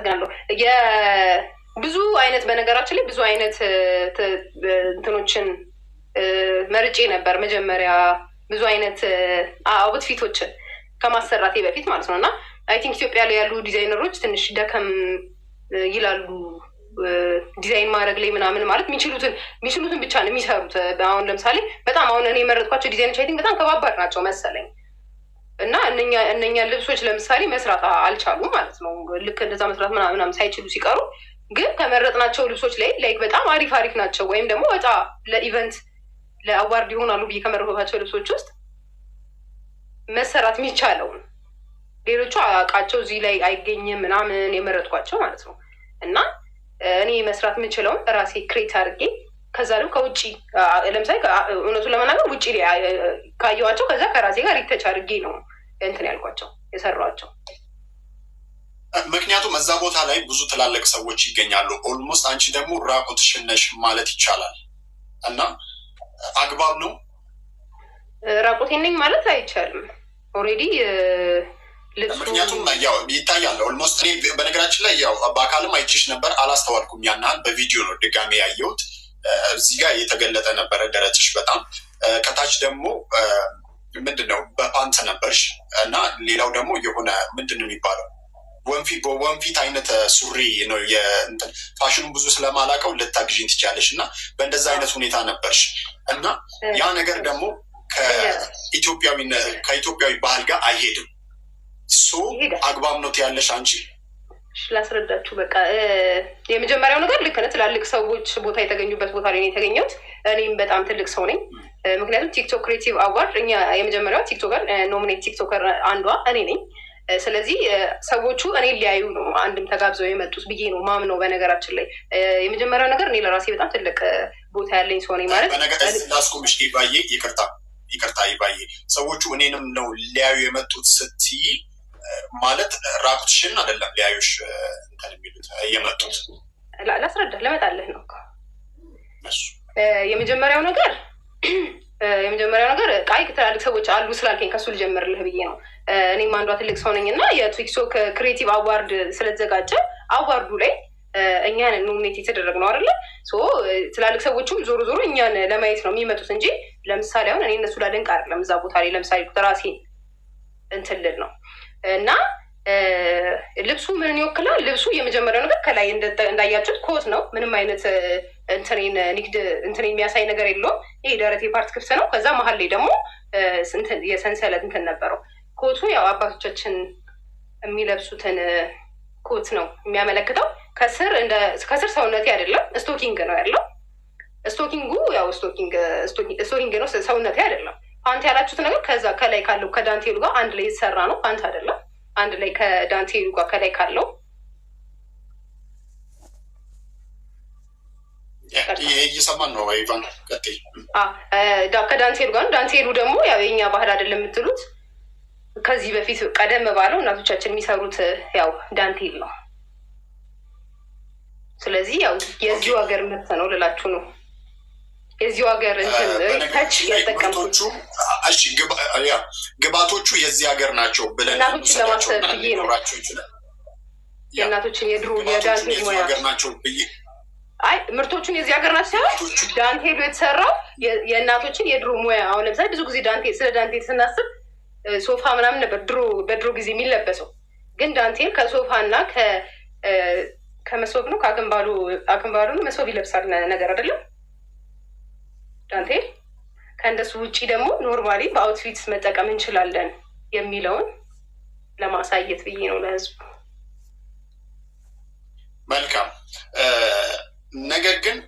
አመሰግናለሁ። ብዙ አይነት በነገራችን ላይ ብዙ አይነት እንትኖችን መርጬ ነበር መጀመሪያ ብዙ አይነት አውትፊቶችን ከማሰራቴ በፊት ማለት ነው እና አይ ቲንክ ኢትዮጵያ ላይ ያሉ ዲዛይነሮች ትንሽ ደከም ይላሉ ዲዛይን ማድረግ ላይ ምናምን ማለት የሚችሉትን የሚችሉትን ብቻ ነው የሚሰሩት። አሁን ለምሳሌ በጣም አሁን እኔ የመረጥኳቸው ዲዛይኖች አይ ቲንክ በጣም ከባባድ ናቸው መሰለኝ እና እነኛ ልብሶች ለምሳሌ መስራት አልቻሉም ማለት ነው። ልክ እንደዛ መስራት ምናምናም ሳይችሉ ሲቀሩ ግን ከመረጥናቸው ልብሶች ላይ ላይክ በጣም አሪፍ አሪፍ ናቸው ወይም ደግሞ በጣ ለኢቨንት ለአዋርድ ይሆናሉ ብዬ ከመረጥኳቸው ልብሶች ውስጥ መሰራት የሚቻለው ሌሎቹ አቃቸው እዚህ ላይ አይገኝም ምናምን የመረጥኳቸው ማለት ነው። እና እኔ መስራት የምችለውን ራሴ ክሬት አድርጌ ከዛ ደግሞ ከውጭ ለምሳሌ እውነቱን ለመናገር ውጭ ካየኋቸው ከዛ ከራሴ ጋር ይተች አድርጌ ነው እንትን ያልኳቸው የሰሯቸው። ምክንያቱም እዛ ቦታ ላይ ብዙ ትላልቅ ሰዎች ይገኛሉ። ኦልሞስት አንቺ ደግሞ ራቁት ሽነሽ ማለት ይቻላል እና አግባብ ነው። ራቁት ነኝ ማለት አይቻልም። ኦሬዲ ምክንያቱም ያው ይታያል። ኦልሞስት እኔ በነገራችን ላይ ያው በአካልም አይችሽ ነበር አላስተዋልኩም። ያናህል በቪዲዮ ነው ድጋሚ ያየሁት። እዚህ ጋር የተገለጠ ነበረ ደረትሽ በጣም ከታች ደግሞ ምንድን ነው ነበርሽ እና ሌላው ደግሞ የሆነ ምንድን ነው የሚባለው ወንፊት በወንፊት አይነት ሱሪ ነው ፋሽኑ ብዙ ስለማላቀው ልታግዥኝ ትችያለሽ እና በእንደዛ አይነት ሁኔታ ነበርሽ እና ያ ነገር ደግሞ ከኢትዮጵያዊ ባህል ጋር አይሄድም። ሶ አግባብ ነው ትያለሽ አንቺ ላስረዳችሁ በቃ የመጀመሪያው ነገር ልክ ነህ። ትላልቅ ሰዎች ቦታ የተገኙበት ቦታ ላይ ነው እኔም በጣም ትልቅ ሰው ነኝ። ምክንያቱም ቲክቶክ ክሬቲቭ አዋርድ እኛ የመጀመሪያው ቲክቶከር ኖሚኔት ቲክቶከር አንዷ እኔ ነኝ። ስለዚህ ሰዎቹ እኔ ሊያዩ ነው አንድም ተጋብዘው የመጡት ብዬ ነው ማም ነው። በነገራችን ላይ የመጀመሪያው ነገር እኔ ለራሴ በጣም ትልቅ ቦታ ያለኝ ሰው ነኝ ማለት ላስቆምሽ። ባዬ ይቅርታ ይቅርታ፣ ይባዬ ሰዎቹ እኔንም ነው ሊያዩ የመጡት ስትይ ማለት ራቁትሽን አደለም ሊያዩሽ እንትን የሚሉት የመጡት ላስረዳህ፣ ለመጣለህ ነው የመጀመሪያው ነገር የመጀመሪያው ነገር ቃይ ትላልቅ ሰዎች አሉ ስላልከኝ ከሱ ልጀምርልህ ብዬ ነው። እኔም አንዷ ትልቅ ሰው ነኝ እና የቲክቶክ ክሬቲቭ አዋርድ ስለተዘጋጀ አዋርዱ ላይ እኛን ኖሚኔት የተደረግ ነው አይደለ? ትላልቅ ሰዎችም ዞሮ ዞሮ እኛን ለማየት ነው የሚመጡት እንጂ ለምሳሌ አሁን እኔ እነሱ ላደንቅ አይደለም እዛ ቦታ ላይ ለምሳሌ ራሴ እንትልል ነው እና ልብሱ ምንን ይወክላል? ልብሱ የመጀመሪያው ነገር ከላይ እንዳያችሁት ኮት ነው። ምንም አይነት እንትኔን ንግድ እንትን የሚያሳይ ነገር የለውም። ይሄ ደረቴ ፓርት ክፍት ነው። ከዛ መሀል ላይ ደግሞ የሰንሰለት እንትን ነበረው። ኮቱ ያው አባቶቻችን የሚለብሱትን ኮት ነው የሚያመለክተው። ከስር እንደ ከስር ሰውነቴ አይደለም ስቶኪንግ ነው ያለው። ስቶኪንጉ ያው ስቶኪንግ ስቶኪንግ ነው ሰውነት አይደለም። ፓንት ያላችሁት ነገር ከዛ ከላይ ካለው ከዳንቴሉ ጋር አንድ ላይ የተሰራ ነው። ፓንት አይደለም፣ አንድ ላይ ከዳንቴሉ ጋር ከላይ ካለው እየሰማን ah, eh, ነው። ይቫን ቀጥይ። ከዳንቴሉ ጋር ዳንቴሉ ደግሞ ያው የኛ ባህል አይደለም የምትሉት ከዚህ በፊት ቀደም ባለው እናቶቻችን የሚሰሩት eh, ያው ዳንቴል ነው። ስለዚህ ያው የዚሁ ሀገር ምርት ነው ልላችሁ ነው። የዚሁ ሀገር ታች eh, ያጠቀምቶቹ ግባቶቹ የዚህ ሀገር ናቸው ብለን እናቶችን ለማሰብ ብዬ ነው። የእናቶችን የድሮ የዳንቴል ሙያ ናቸው ብዬ አይ ምርቶቹን የዚህ ሀገር ናቸው ሳይሆን ዳንቴሉ የተሰራው የእናቶችን የድሮ ሙያ። አሁን ለምሳሌ ብዙ ጊዜ ዳንቴ ስለ ዳንቴል ስናስብ ሶፋ ምናምን ነበር ድሮ በድሮ ጊዜ የሚለበሰው። ግን ዳንቴል ከሶፋ እና ከመሶብ ነው ከአክንባሉ አክንባሉ ነው መሶብ ይለብሳል ነገር አይደለም ዳንቴል። ከእንደሱ ውጪ ደግሞ ኖርማሊ በአውትፊትስ መጠቀም እንችላለን የሚለውን ለማሳየት ብዬ ነው ለህዝቡ። መልካም ነገር ግን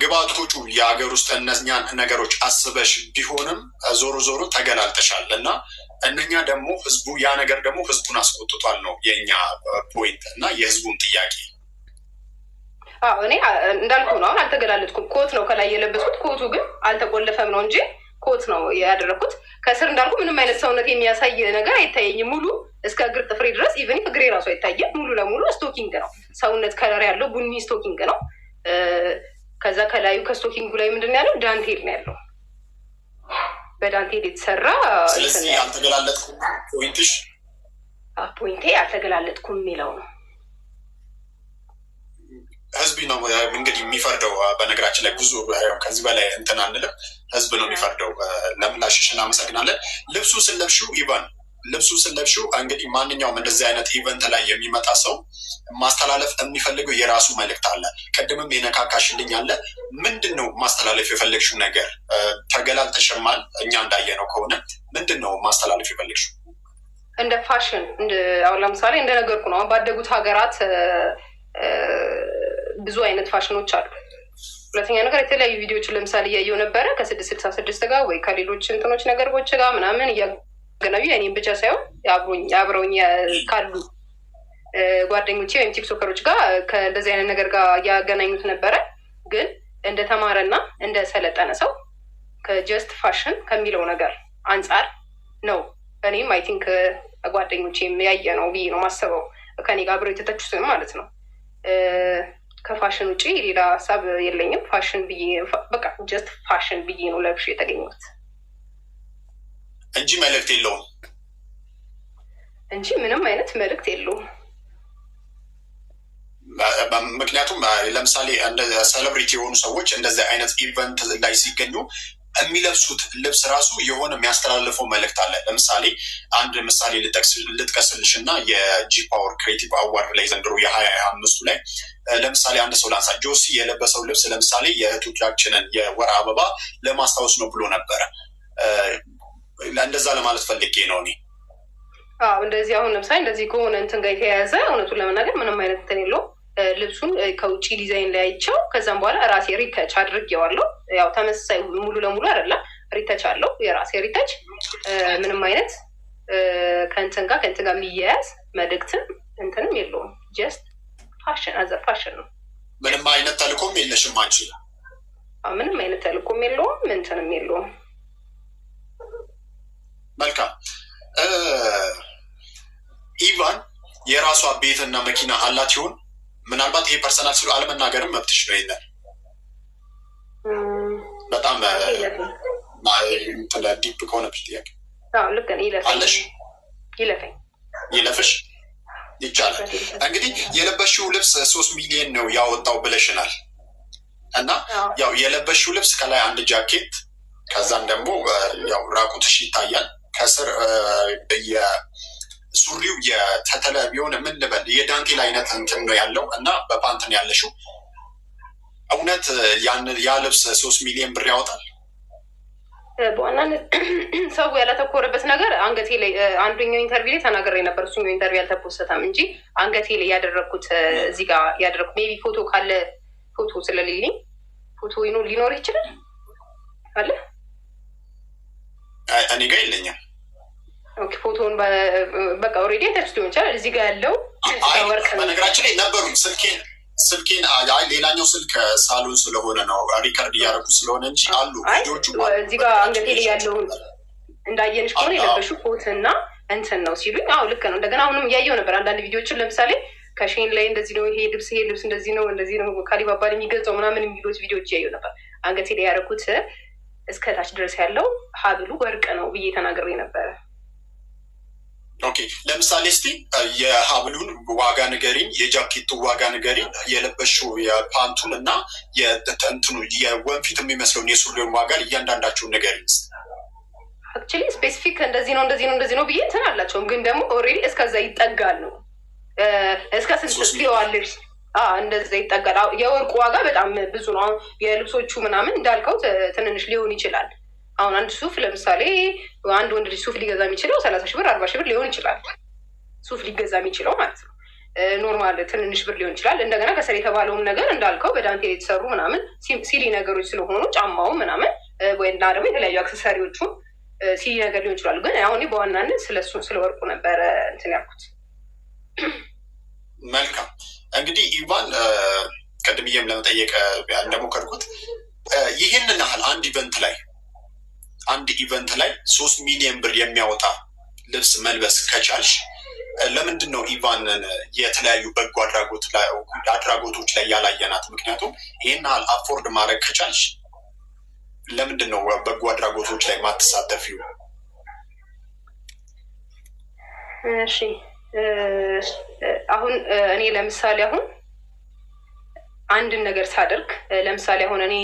ግባቶቹ የሀገር ውስጥ እነኛን ነገሮች አስበሽ ቢሆንም ዞሮ ዞሮ ተገላልጠሻል እና እነኛ ደግሞ ህዝቡ ያ ነገር ደግሞ ህዝቡን አስቆጥቷል ነው የእኛ ፖይንት እና የህዝቡን ጥያቄ እኔ እንዳልኩ ነው። አሁን አልተገላለጥኩም። ኮት ነው ከላይ የለበስኩት። ኮቱ ግን አልተቆለፈም ነው እንጂ ኮት ነው ያደረግኩት። ከስር እንዳልኩ ምንም አይነት ሰውነት የሚያሳይ ነገር አይታየኝም። ሙሉ እስከ እግር ጥፍሬ ድረስ ኢቨን እግሬ ራሱ አይታየም። ሙሉ ለሙሉ ስቶኪንግ ነው። ሰውነት ከለር ያለው ቡኒ ስቶኪንግ ነው። ከዛ ከላዩ ከስቶኪንጉ ላይ ምንድን ያለው ዳንቴል ነው ያለው። በዳንቴል የተሰራ ስለዚህ አልተገላለጥኩም። ፖይንቴ አልተገላለጥኩም የሚለው ነው። ህዝብ ነው እንግዲህ የሚፈርደው። በነገራችን ላይ ብዙ ከዚህ በላይ እንትን አንልም። ህዝብ ነው የሚፈርደው። ለምላሽሽ እናመሰግናለን። ልብሱ ስለብሹ ይባል ልብሱ ስለብሹ እንግዲህ ማንኛውም እንደዚህ አይነት ኢቨንት ላይ የሚመጣ ሰው ማስተላለፍ የሚፈልገው የራሱ መልእክት አለ። ቅድምም የነካካሽልኝ አለ። ምንድን ነው ማስተላለፍ የፈለግሽው ነገር? ተገላል ተሸማል እኛ እንዳየነው ከሆነ ምንድን ነው ማስተላለፍ የፈለግሽው? እንደ ፋሽን አሁን ለምሳሌ ነገርኩ ነው። አሁን ባደጉት ሀገራት ብዙ አይነት ፋሽኖች አሉ። ሁለተኛ ነገር የተለያዩ ቪዲዮዎችን ለምሳሌ እያየው ነበረ ከስድስት ስልሳ ስድስት ጋር ወይ ከሌሎች እንትኖች ነገሮች ጋር ምናምን ገናዊ እኔም ብቻ ሳይሆን አብረውኝ ካሉ ጓደኞች ወይም ቲክቶከሮች ጋር ከእንደዚህ አይነት ነገር ጋር ያገናኙት ነበረ። ግን እንደ ተማረና እንደ ሰለጠነ ሰው ከጀስት ፋሽን ከሚለው ነገር አንጻር ነው እኔም አይ ቲንክ ጓደኞቼም ያየ ነው ብዬ ነው ማሰበው። ከኔ ጋር አብረው የተተቹትን ማለት ነው። ከፋሽን ውጭ ሌላ ሀሳብ የለኝም። ፋሽን ብዬ በቃ ጀስት ፋሽን ብዬ ነው ለብሽ የተገኘሁት። እንጂ መልእክት የለውም እንጂ ምንም አይነት መልእክት የለውም። ምክንያቱም ለምሳሌ ሴሌብሪቲ የሆኑ ሰዎች እንደዚህ አይነት ኢቨንት ላይ ሲገኙ የሚለብሱት ልብስ ራሱ የሆነ የሚያስተላልፈው መልእክት አለ። ለምሳሌ አንድ ምሳሌ ልጥቀስልሽ እና የጂ ፓወር ክሬቲቭ አዋርድ ላይ ዘንድሮ የሀያ አምስቱ ላይ ለምሳሌ አንድ ሰው ላንሳ፣ ጆሲ የለበሰው ልብስ ለምሳሌ የእህቶቻችንን የወር አበባ ለማስታወስ ነው ብሎ ነበረ። እንደዛ ለማለት ፈልጌ ነው እኔ እንደዚህ አሁን ለምሳሌ እንደዚህ ከሆነ እንትን ጋር የተያያዘ እውነቱን ለመናገር ምንም አይነት እንትን የለውም። ልብሱን ከውጭ ዲዛይን ላይ አይቸው ከዛም በኋላ ራሴ ሪተች አድርጌዋለሁ። ያው ተመሳሳይ ሙሉ ለሙሉ አይደለም ሪተች አለው የራሴ ሪተች። ምንም አይነት ከእንትን ጋር ከእንትን ጋር የሚያያዝ መልእክትም እንትንም የለውም። ጀስት ፋሽን አዘ ፋሽን ነው። ምንም አይነት ተልኮም የለሽም አንቺ? ምንም አይነት ተልኮም የለውም እንትንም የለውም። መልካም ኢቫን የራሷ ቤትና መኪና አላት ይሆን? ምናልባት ይሄ ፐርሰናል ስሉ አለመናገርም መብትሽ ነው። ይለን በጣም ዲፕ ከሆነብሽ ጥያቄ አለሽ ይለፍሽ ይቻላል። እንግዲህ የለበሽው ልብስ ሶስት ሚሊዮን ነው ያወጣው ብለሽናል። እና ያው የለበሽው ልብስ ከላይ አንድ ጃኬት፣ ከዛም ደግሞ ያው ራቁትሽ ይታያል ከስር ሱሪው የተተለ የሆነ ምን ልበል የዳንቴል አይነት እንትን ነው ያለው እና በፓንትን ያለሽው እውነት ያ ልብስ ሶስት ሚሊዮን ብር ያወጣል። በዋናነት ሰው ያላተኮረበት ነገር አንገቴ ላይ አንዱኛው ኢንተርቪው ላይ ተናግሬ ነበር። እሱኛው ኢንተርቪው አልተፖሰተም እንጂ አንገቴ ላይ ያደረግኩት እዚህ ጋር ያደረግኩት ቢ ፎቶ ካለ ፎቶ ስለሌለኝ ፎቶ ሊኖር ይችላል አለ እኔ ጋር የለኛል ፎቶን በቃ ኦልሬዲ ተች ሊሆን ይችላል። እዚህ ጋር ያለው በነገራችን ላይ ነበሩኝ ስልኬን ስልኬን ሌላኛው ስልክ ሳሉን ስለሆነ ነው ሪከርድ እያደረጉ ስለሆነ እንጂ አሉ እዚህ ጋር አንገቴ ላይ ያለውን እንዳየንሽ ከሆነ የለበሽው ኮትና እንትን ነው ሲሉኝ፣ አዎ ልክ ነው። እንደገና አሁንም እያየው ነበር አንዳንድ ቪዲዮችን ለምሳሌ ከሼን ላይ እንደዚህ ነው፣ ይሄ ልብስ ይሄ ልብስ እንደዚህ ነው፣ እንደዚህ ነው ካሊባባል የሚገልጸው ምናምን የሚሉት ቪዲዮች እያየው ነበር። አንገቴ ላይ ያደረኩት እስከታች ድረስ ያለው ሀብሉ ወርቅ ነው ብዬ ተናግሬ ነበረ። ኦኬ ለምሳሌ እስቲ የሀብሉን ዋጋ ንገሪኝ፣ የጃኬቱ ዋጋ ንገሪኝ፣ የለበሽው የፓንቱን እና የእንትኑ የወንፊት የሚመስለውን የሱሪውን ዋጋ እያንዳንዳችሁን ንገሪኝ። አክቹዋሊ ስፔሲፊክ እንደዚህ ነው እንደዚህ ነው እንደዚህ ነው ብዬ እንትን አላቸውም፣ ግን ደግሞ ኦልሬዲ እስከዛ ይጠጋል ነው እስከ ስንት ዋለች እንደዛ ይጠጋል። የወርቁ ዋጋ በጣም ብዙ ነው። የልብሶቹ ምናምን እንዳልከው ትንንሽ ሊሆን ይችላል አሁን አንድ ሱፍ ለምሳሌ አንድ ወንድ ልጅ ሱፍ ሊገዛ የሚችለው ሰላሳ ሺህ ብር አርባ ሺህ ብር ሊሆን ይችላል። ሱፍ ሊገዛ የሚችለው ማለት ነው። ኖርማል ትንንሽ ብር ሊሆን ይችላል። እንደገና ከስር የተባለውም ነገር እንዳልከው በዳንቴል የተሰሩ ምናምን ሲሊ ነገሮች ስለሆኑ ጫማውም ምናምን ወይና ደግሞ የተለያዩ አክሰሰሪዎቹም ሲሊ ነገር ሊሆን ይችላሉ። ግን አሁን በዋናነት ስለሱ ስለወርቁ ነበረ እንትን ያልኩት። መልካም እንግዲህ ኢቫን ቅድም ለመጠየቅ እንደሞከርኩት ይህንን ያህል አንድ ኢቨንት ላይ አንድ ኢቨንት ላይ ሶስት ሚሊዮን ብር የሚያወጣ ልብስ መልበስ ከቻልሽ ለምንድን ነው ኢቫንን የተለያዩ በጎ አድራጎቶች ላይ ያላየናት? ምክንያቱም ይህን ያህል አፎርድ ማድረግ ከቻልሽ ለምንድን ነው በጎ አድራጎቶች ላይ ማትሳተፊው? እሺ አሁን እኔ ለምሳሌ አሁን አንድን ነገር ሳደርግ ለምሳሌ አሁን እኔ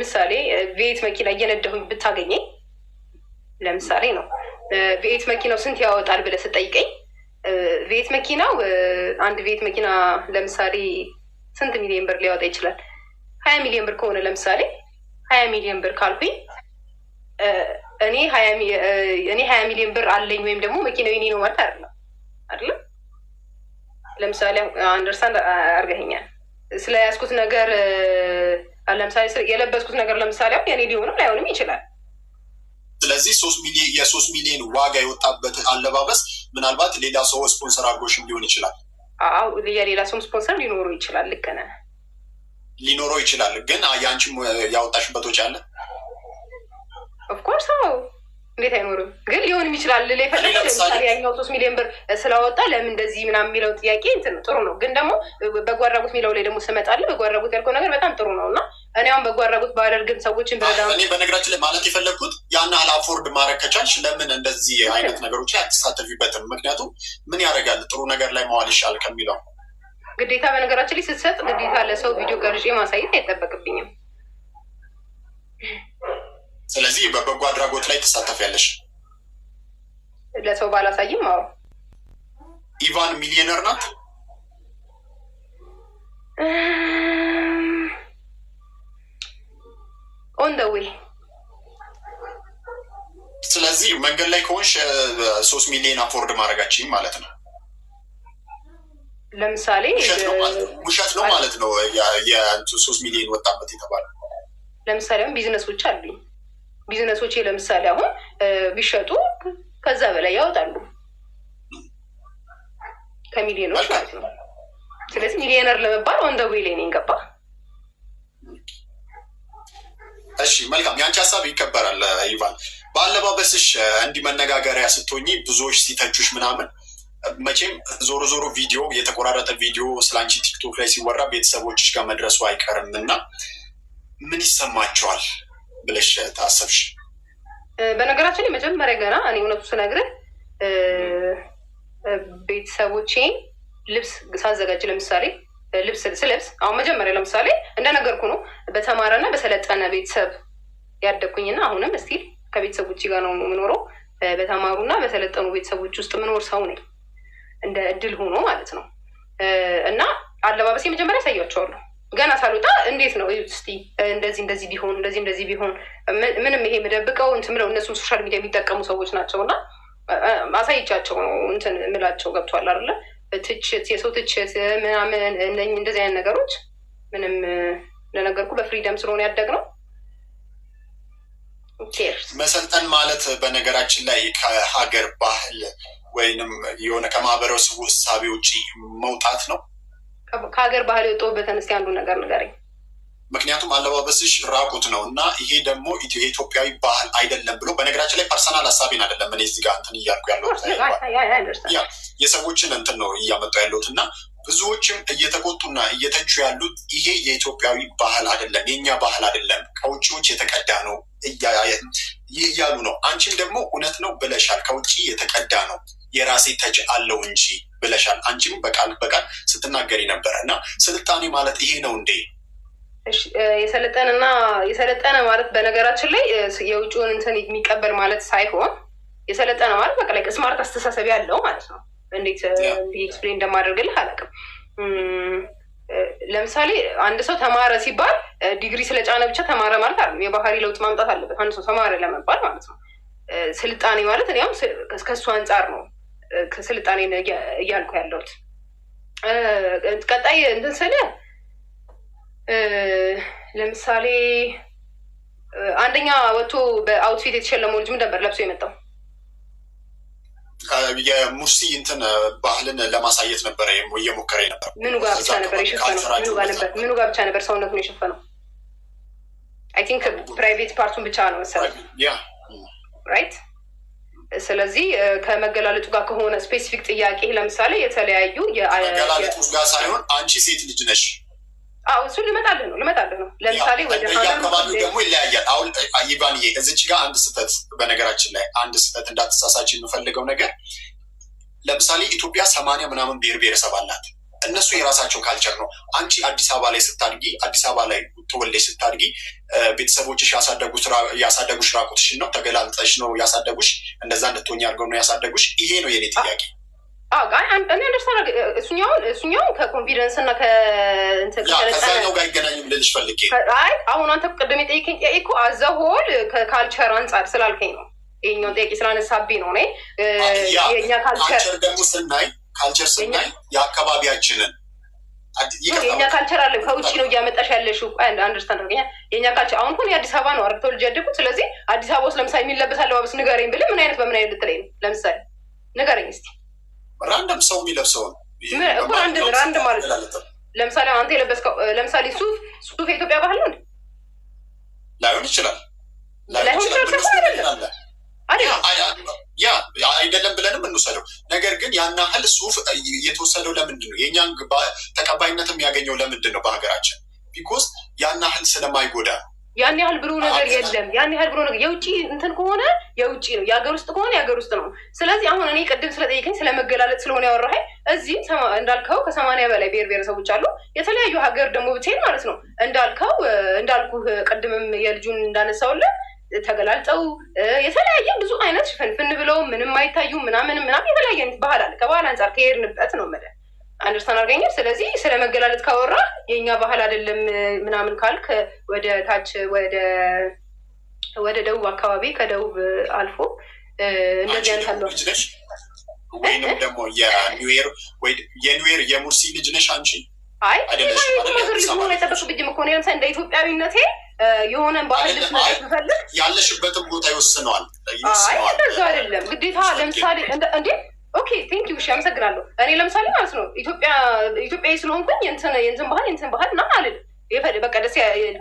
ምሳሌ ቤት መኪና እየነዳሁኝ ብታገኘኝ ለምሳሌ ነው ቤት መኪናው ስንት ያወጣል ብለህ ስጠይቀኝ ቤት መኪናው አንድ ቤት መኪና ለምሳሌ ስንት ሚሊዮን ብር ሊያወጣ ይችላል? ሀያ ሚሊዮን ብር ከሆነ ለምሳሌ ሀያ ሚሊዮን ብር ካልኩኝ እኔ ሀያ ሚሊዮን ብር አለኝ ወይም ደግሞ መኪናው የኔ ነው ማለት አይደለም። ለምሳሌ አንደርስታንድ አድርገኸኛል። ስለያዝኩት ነገር ለምሳሌ የለበስኩት ነገር ለምሳሌ አሁን የኔ ሊሆንም ላይሆንም ይችላል። ስለዚህ የሶስት ሚሊዮን ዋጋ የወጣበት አለባበስ ምናልባት ሌላ ሰው ስፖንሰር አድርጎሽም ሊሆን ይችላል። አዎ የሌላ ሰውም ስፖንሰር ሊኖረው ይችላል። ልክ ነህ። ሊኖረው ይችላል ግን የአንቺም ያወጣሽበት ወጪ አለ ኦፍኮርስ አዎ እንዴት አይኖርም? ግን ሊሆንም ይችላል ልል የፈለገው ለምሳሌ ያኛው ሶስት ሚሊዮን ብር ስላወጣ ለምን እንደዚህ ምናምን የሚለው ጥያቄ እንትን ጥሩ ነው። ግን ደግሞ በጎ አድራጎት የሚለው ላይ ደግሞ ስመጣለ በጎ አድራጎት ያልከው ነገር በጣም ጥሩ ነው እና እኔ አሁን በጎ አድራጎት ባደርግም ሰዎችን በረዳ እኔ በነገራችን ላይ ማለት የፈለግኩት ያን ያህል አፎርድ ማድረግ ከቻልሽ ለምን እንደዚህ አይነት ነገሮች ላይ አትሳተፊበትም? ምክንያቱም ምን ያደርጋል ጥሩ ነገር ላይ መዋል ይሻል ከሚለው ግዴታ በነገራችን ላይ ስትሰጥ ግዴታ ለሰው ቪዲዮ ቀርጬ ማሳየት አይጠበቅብኝም። ስለዚህ በበጎ አድራጎት ላይ ትሳተፍ ያለሽ ለሰው ባላሳይም። አዎ ኢቫን ሚሊዮነር ናት። ኦንደዌ ስለዚህ መንገድ ላይ ከሆንሽ ሶስት ሚሊዮን አፎርድ ማድረጋችኝ ማለት ነው። ለምሳሌ ውሸት ነው ማለት ነው። ሶስት ሚሊዮን ወጣበት የተባለ ለምሳሌ ቢዝነሶች አሉኝ ቢዝነሶቼ ለምሳሌ አሁን ቢሸጡ ከዛ በላይ ያወጣሉ ከሚሊዮኖች ማለት ነው። ስለዚህ ሚሊዮነር ለመባል ወንደ ዌይ ላይ ነኝ ገባ። እሺ መልካም፣ የአንቺ ሀሳብ ይከበራል ይባል። በአለባበስሽ እንዲህ መነጋገሪያ ስትሆኚ ብዙዎች ሲተቹሽ ምናምን መቼም ዞሮ ዞሮ ቪዲዮ የተቆራረጠ ቪዲዮ ስለ አንቺ ቲክቶክ ላይ ሲወራ ቤተሰቦችሽ ጋር መድረሱ አይቀርም እና ምን ይሰማቸዋል? ብለሽ ታሰብሽ? በነገራችን ላይ መጀመሪያ ገና እኔ እውነቱ ስነግርህ ቤተሰቦቼ ልብስ ሳዘጋጅ ለምሳሌ ልብስ ስለብስ አሁን መጀመሪያ ለምሳሌ እንደነገርኩ ነው በተማረና በሰለጠነ ቤተሰብ ያደግኩኝና አሁንም እስቲል ከቤተሰቦች ጋር ነው የምኖረው። በተማሩና በሰለጠኑ ቤተሰቦች ውስጥ የምኖር ሰው ነኝ፣ እንደ እድል ሆኖ ማለት ነው። እና አለባበሴ መጀመሪያ ያሳያቸዋለሁ ገና ሳልወጣ እንዴት ነው እስቲ እንደዚህ እንደዚህ ቢሆን እንደዚህ እንደዚህ ቢሆን ምንም ይሄ የምደብቀው እንትን ምለው እነሱም ሶሻል ሚዲያ የሚጠቀሙ ሰዎች ናቸው እና አሳይቻቸው ነው እንትን ምላቸው ገብቷል አለ ትችት የሰው ትችት ምናምን እንደዚህ አይነት ነገሮች ምንም እንደነገርኩ በፍሪደም ስለሆነ ነው መሰልጠን ማለት በነገራችን ላይ ከሀገር ባህል ወይንም የሆነ ከማህበረሰቡ እሳቤ ውጭ መውጣት ነው ከሀገር ባህል የወጣሁበትን እስኪ አንዱ ነገር ንገረኝ። ምክንያቱም አለባበስሽ ራቁት ነው እና ይሄ ደግሞ የኢትዮጵያዊ ባህል አይደለም ብሎ በነገራችን ላይ ፐርሰናል ሀሳቤን አይደለም እኔ እዚህ ጋር እንትን እያልኩ ያለው የሰዎችን እንትን ነው እያመጣ ያለሁት እና ብዙዎችም እየተቆጡና እየተቹ ያሉት ይሄ የኢትዮጵያዊ ባህል አይደለም፣ የእኛ ባህል አይደለም፣ ከውጭዎች የተቀዳ ነው እያሉ ነው። አንቺም ደግሞ እውነት ነው ብለሻል፣ ከውጭ የተቀዳ ነው የራሴ ተች አለው እንጂ ብለሻል። አንቺም በቃል በቃል ስትናገሪ ነበረ እና ስልጣኔ ማለት ይሄ ነው እንዴ? የሰለጠን እና የሰለጠነ ማለት በነገራችን ላይ የውጭውን እንትን የሚቀበል ማለት ሳይሆን የሰለጠነ ማለት በቃ ላይ ስማርት አስተሳሰብ ያለው ማለት ነው። እንዴት ኤክስፕሌን እንደማደርግልህ አላውቅም። ለምሳሌ አንድ ሰው ተማረ ሲባል ዲግሪ ስለጫነ ብቻ ተማረ ማለት አይደለም። የባህሪ ለውጥ ማምጣት አለበት አንድ ሰው ተማረ ለመባል ማለት ነው። ስልጣኔ ማለት እኔም ከሱ አንጻር ነው ከስልጣኔ እያልኩ ያለሁት። ቀጣይ እንትን ስለ ለምሳሌ አንደኛ ወጥቶ በአውትፊት የተሸለመው ልጅ ምን ነበር ለብሶ የመጣው? የሙርሲ እንትን ባህልን ለማሳየት ነበረ እየሞከረ ነበር። ምኑ ብቻ ነበር የሸፈነው? ምኑ ብቻ ነበር ሰውነቱን የሸፈነው? አይ ቲንክ ፕራይቬት ፓርቱን ብቻ ነው መሰለኝ ራይት ስለዚህ ከመገላለጡ ጋር ከሆነ ስፔሲፊክ ጥያቄ ለምሳሌ የተለያዩ ጋ ጋር ሳይሆን አንቺ ሴት ልጅ ነሽ። አዎ እሱ ልመጣልህ ነው ልመጣልህ ነው። ለምሳሌ ወደ ደግሞ ይለያያል። አሁን ይባንዬ እዚች ጋር አንድ ስህተት፣ በነገራችን ላይ አንድ ስህተት እንዳትሳሳች የምፈልገው ነገር ለምሳሌ ኢትዮጵያ ሰማንያ ምናምን ብሄር ብሄረሰብ አላት። እነሱ የራሳቸው ካልቸር ነው። አንቺ አዲስ አበባ ላይ ስታድጊ፣ አዲስ አበባ ላይ ተወልደሽ ስታድጊ ቤተሰቦችሽ ያሳደጉሽ ራቁትሽን ነው ተገላልጠሽ ነው ያሳደጉሽ፣ እንደዛ እንድትሆኝ አድርገው ነው ያሳደጉሽ። ይሄ ነው የኔ ጥያቄ። እኔ እሱኛውን ከኮንፊደንስ እና ከዛኛው ጋር ይገናኝም ልልሽ ፈልጌ። አይ አሁን አንተ ቅድም የጠየቀኝ ጥያቄ እኮ አዘሆል ከካልቸር አንጻር ስላልከኝ ነው። ይሄኛውን ጥያቄ ስላነሳብኝ ነው። እኔ የእኛ ካልቸር ደግሞ ስናይ ካልቸር ስናይ የአካባቢያችንን የኛ ካልቸር አለ። ከውጭ ነው እያመጣሽ ያለሽ አንደርስታንድ አድርገኛ። የኛ ካልቸር አሁን ሁን የአዲስ አበባ ነው አርግተው ልጅ ያደጉት። ስለዚህ አዲስ አበባ ውስጥ ለምሳሌ የሚለበስ አለባበስ ንገረኝ ብል ምን አይነት በምን አይነት ልትለኝ ነው? ለምሳሌ ንገረኝ እስኪ። ራንደም ሰው የሚለብሰው ነው ራንደም ማለት ነው። ለምሳሌ አንተ የለበስከው ለምሳሌ ሱፍ ሱፍ የኢትዮጵያ ባህል ነው ላይሆን ይችላል ላይሆን ይችላል አይደለም ያ አይደለም ብለንም እንውሰደው ነገር ግን ያን ያህል ሱፍ የተወሰደው ለምንድን ነው? የእኛን ተቀባይነት የሚያገኘው ለምንድን ነው? በሀገራችን ቢኮስ ያን ያህል ስለማይጎዳ ነው። ያን ያህል ብሩ ነገር የለም። ያን ያህል ብሩ ነገር የውጭ እንትን ከሆነ የውጭ ነው፣ የሀገር ውስጥ ከሆነ የሀገር ውስጥ ነው። ስለዚህ አሁን እኔ ቅድም ስለጠይቀኝ ስለመገላለጥ ስለሆነ ያወራኸኝ እዚህም እንዳልከው ከሰማንያ በላይ ብሔር ብሔረሰቦች አሉ። የተለያዩ ሀገር ደግሞ ብትሄድ ማለት ነው እንዳልከው እንዳልኩ ቅድምም የልጁን እንዳነሳውለን ተገላልጠው የተለያየ ብዙ አይነት ሽፍንፍን ብለው ምንም አይታዩ ምናምን ምናም የተለያየ አይነት ባህል አለ። ከባህል አንጻር ከሄድንበት ነው መደ አንደርስታን አርገኘ። ስለዚህ ስለ መገላለጥ ካወራ የእኛ ባህል አይደለም ምናምን ካልክ ወደ ታች ወደ ወደ ደቡብ አካባቢ ከደቡብ አልፎ እንደዚህ አይነት አለ ወይም ደግሞ የኒውር የኒውር የሙርሲ ልጅ ነሽ አንቺ? አይ ማዘር ልጅ መሆን አይጠበቅብኝም እኮ እንደ ኢትዮጵያዊነቴ የሆነን ባህል ነገር ብፈልግ ያለሽበትን ቦታ ይወስነዋል። እንደዛ አይደለም ግዴታ። ለምሳሌ እንዴ ኦኬ ቴንክ ዩ እሺ፣ አመሰግናለሁ። እኔ ለምሳሌ ማለት ነው ኢትዮጵያ ኢትዮጵያዊ ስለሆንኩኝ እንትን የንትን ባህል የንትን ባህል ና አልል በቃ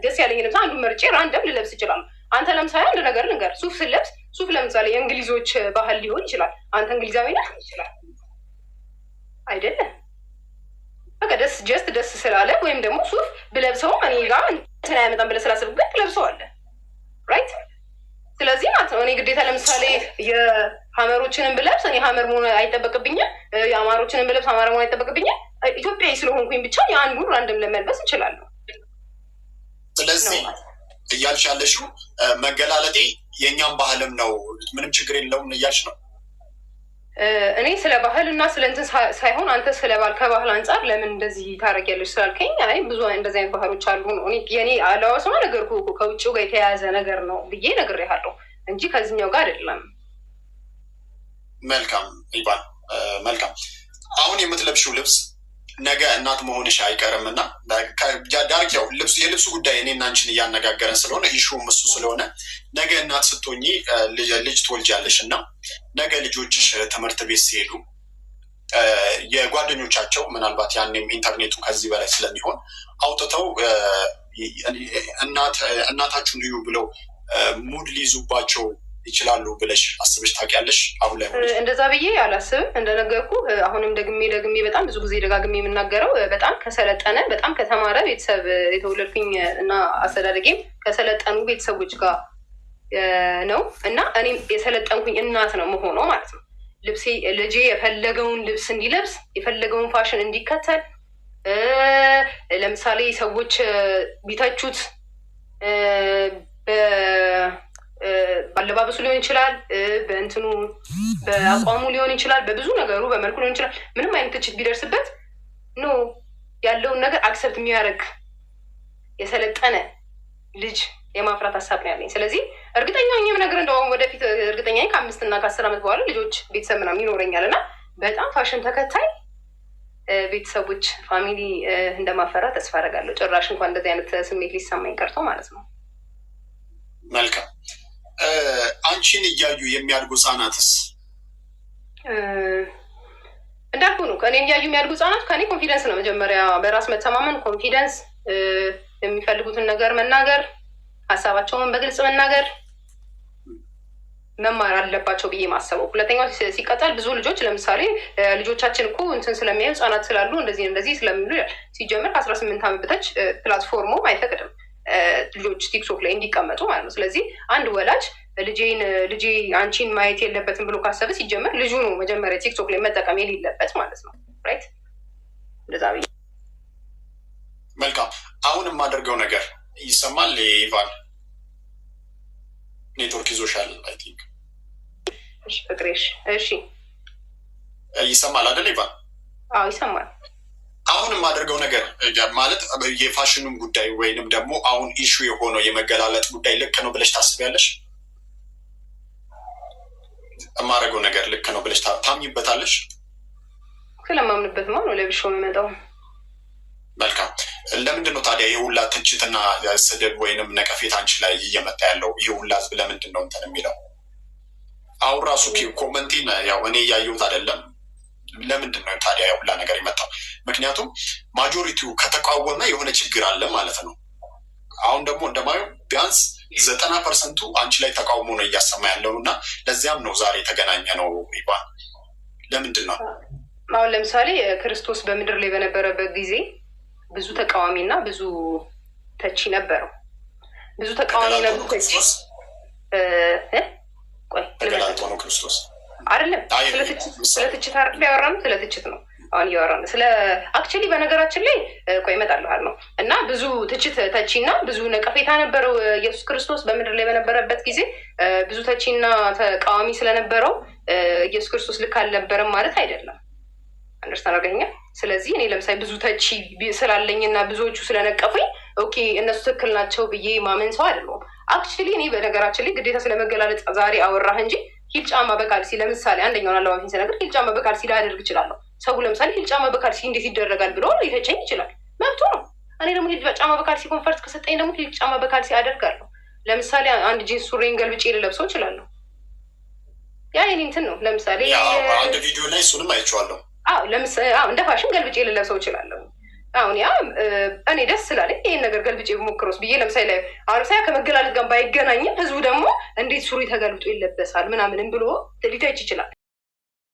ደስ ያለኝ ለምሳ አንዱ መርጬ ራንደም ልለብስ ይችላል። አንተ ለምሳሌ አንድ ነገር ንገር፣ ሱፍ ስለብስ ሱፍ ለምሳሌ የእንግሊዞች ባህል ሊሆን ይችላል። አንተ እንግሊዛዊ ነህ ይችላል አይደለም በቃ ደስ ጀስት ደስ ስላለ ወይም ደግሞ ሱፍ ብለብሰው መንጋ ጋር እንትን አያመጣም ብለህ ስላሰብክ ግን ትለብሰዋለህ ራይት። ስለዚህ ማለት ነው እኔ ግዴታ ለምሳሌ የሀመሮችንን ብለብስ እኔ ሀመር መሆን አይጠበቅብኝም፣ የአማሮችንን ብለብስ አማራ መሆን አይጠበቅብኝም። ኢትዮጵያዊ ስለሆንኩኝ ብቻ የአንዱን ራንድም ለመልበስ እንችላለሁ። ስለዚህ እያልሽ ያለሽው መገላለጤ የእኛም ባህልም ነው ምንም ችግር የለውም እያልሽ ነው እኔ ስለ ባህል እና ስለ እንትን ሳይሆን አንተ ስለ ባል ከባህል አንጻር ለምን እንደዚህ ታደርጊያለሽ ስላልከኝ፣ አይ ብዙ እንደዚህ አይነት ባህሎች አሉ ነው። የኔ አለዋስማ ነገር ከውጭው ጋር የተያያዘ ነገር ነው ብዬ ነግሬሃለሁ እንጂ ከዚህኛው ጋር አይደለም። መልካም ይባል መልካም። አሁን የምትለብሽው ልብስ ነገ እናት መሆንሽ አይቀርም እና ዳርክ ያው የልብሱ ጉዳይ እኔ እናንችን እያነጋገረን ስለሆነ ኢሹም እሱ ስለሆነ ነገ እናት ስትሆኚ ልጅ ትወልጃለሽ እና ነገ ልጆችሽ ትምህርት ቤት ሲሄዱ የጓደኞቻቸው ምናልባት ያኔም ኢንተርኔቱ ከዚህ በላይ ስለሚሆን አውጥተው እናታችሁን ልዩ ብለው ሙድ ሊይዙባቸው ይችላሉ ብለሽ አስበሽ ታውቂያለሽ? አሁን ላይ እንደዛ ብዬ አላስብም። እንደነገርኩ አሁንም ደግሜ ደግሜ በጣም ብዙ ጊዜ ደጋግሜ የምናገረው በጣም ከሰለጠነ በጣም ከተማረ ቤተሰብ የተወለድኩኝ እና አስተዳደጌም ከሰለጠኑ ቤተሰቦች ጋር ነው እና እኔም የሰለጠንኩኝ እናት ነው መሆነው ማለት ነው። ልብሴ ልጄ የፈለገውን ልብስ እንዲለብስ የፈለገውን ፋሽን እንዲከተል ለምሳሌ ሰዎች ቢተቹት በአለባበሱ ሊሆን ይችላል፣ በእንትኑ በአቋሙ ሊሆን ይችላል፣ በብዙ ነገሩ በመልኩ ሊሆን ይችላል። ምንም አይነት ትችት ቢደርስበት ኖ ያለውን ነገር አክሰብት የሚያደርግ የሰለጠነ ልጅ የማፍራት ሀሳብ ነው ያለኝ። ስለዚህ እርግጠኛ ኝም ነገር እንደውም ወደፊት እርግጠኛ ከአምስት እና ከአስር ዓመት በኋላ ልጆች ቤተሰብ ምናምን ይኖረኛል እና በጣም ፋሽን ተከታይ ቤተሰቦች ፋሚሊ እንደማፈራ ተስፋ አደርጋለሁ። ጭራሽ እንኳን እንደዚህ አይነት ስሜት ሊሰማኝ ቀርቶ ማለት ነው። መልካም አንቺን እያዩ የሚያድጉ ህጻናትስ? እንዳልኩ ነው። ከእኔ እያዩ የሚያድጉ ህጻናት ከኔ ኮንፊደንስ ነው መጀመሪያ፣ በራስ መተማመን ኮንፊደንስ፣ የሚፈልጉትን ነገር መናገር፣ ሀሳባቸውን በግልጽ መናገር መማር አለባቸው ብዬ ማሰበው። ሁለተኛው ሲቀጠል ብዙ ልጆች ለምሳሌ ልጆቻችን እኮ እንትን ስለሚያዩ ህጻናት ስላሉ እንደዚህ እንደዚህ ስለሚሉ ሲጀምር ከአስራ ስምንት ዓመት በታች ፕላትፎርሙ አይፈቅድም። ልጆች ቲክቶክ ላይ እንዲቀመጡ ማለት ነው። ስለዚህ አንድ ወላጅ ልጄን ልጄ አንቺን ማየት የለበትም ብሎ ካሰበ ሲጀመር ልጁ ነው መጀመሪያ ቲክቶክ ላይ መጠቀም የሌለበት ማለት ነው። ራይት እንደዛ መልካም። አሁን የማደርገው ነገር ይሰማል። ኢቫን ኔትወርክ ይዞሻል። አይ ቲንክ ፍቅሬሽ። እሺ ይሰማል አይደል? ይባል አዎ ይሰማል። አሁን የማደርገው ነገር ማለት የፋሽኑም ጉዳይ ወይንም ደግሞ አሁን ኢሹ የሆነው የመገላለጥ ጉዳይ ልክ ነው ብለሽ ታስቢያለሽ? የማደርገው ነገር ልክ ነው ብለሽ ታምኝበታለሽ? ስለማምንበት ማ ነው ለብሾ የሚመጣው። መልካም። ለምንድን ነው ታዲያ ይህ ሁላ ትችትና ስድብ ወይንም ነቀፌት አንቺ ላይ እየመጣ ያለው? ይህ ሁላ ህዝብ ለምንድን ነው እንትን የሚለው? አሁን ራሱ ኮመንቲን ያው እኔ እያየሁት አይደለም ለምንድን ነው ታዲያ ሁላ ነገር የመጣው? ምክንያቱም ማጆሪቲው ከተቃወመ የሆነ ችግር አለ ማለት ነው። አሁን ደግሞ እንደማየው ቢያንስ ዘጠና ፐርሰንቱ አንቺ ላይ ተቃውሞ ነው እያሰማ ያለው እና ለዚያም ነው ዛሬ የተገናኘ ነው። ይባል ለምንድን ነው አሁን ለምሳሌ ክርስቶስ በምድር ላይ በነበረበት ጊዜ ብዙ ተቃዋሚ እና ብዙ ተቺ ነበረው። ብዙ ተቃዋሚ ነበሩ። ተገላልጦ ነው ክርስቶስ አይደለም ስለ ትችት አይደል ያወራነው? ስለ ትችት ነው አሁን እያወራ ስለ አክቸሊ በነገራችን ላይ ቆይ እመጣልሃል ነው እና ብዙ ትችት ተቺና ብዙ ነቀፌታ ነበረው። ኢየሱስ ክርስቶስ በምድር ላይ በነበረበት ጊዜ ብዙ ተቺና ተቃዋሚ ስለነበረው ኢየሱስ ክርስቶስ ልክ አልነበረም ማለት አይደለም። አንደርስታን አርገኛ። ስለዚህ እኔ ለምሳሌ ብዙ ተቺ ስላለኝና ብዙዎቹ ስለነቀፉኝ ኦኬ እነሱ ትክክል ናቸው ብዬ ማመን ሰው አይደለም አክቸሊ እኔ በነገራችን ላይ ግዴታ ስለመገላለጥ ዛሬ አወራህ እንጂ ሂል ጫማ በካልሲ ለምሳሌ አንደኛውን አለባፊን ስነግር ሂል ጫማ በካልሲ ላያደርግ እችላለሁ። ሰው ለምሳሌ ሂል ጫማ በካልሲ እንዴት ይደረጋል ብሎ ሊተቸኝ ይችላል፣ መብቱ ነው። እኔ ደግሞ ሂል ጫማ በካልሲ ኮንፈርት ከሰጠኝ ደግሞ ሂል ጫማ በካልሲ አደርጋለሁ። ለምሳሌ አንድ ጂንስ ሱሪን ገልብጬ ልለብሰው እችላለሁ። ያ የኔ እንትን ነው። ለምሳሌ አንድ ቪዲዮ ላይ እሱንም አይቼዋለሁ። እንደ ፋሽን ገልብጬ ልለብሰው እችላለሁ። አሁን ያ እኔ ደስ ስላለኝ ይሄን ነገር ገልብጬ ሞክረውስ ብዬ ለምሳሌ ላይ አርሳያ ከመገላለጥ ጋር ባይገናኝም ህዝቡ ደግሞ እንዴት ሱሪ ተገልብጦ ይለበሳል ምናምንም ብሎ ሊተች ይችላል።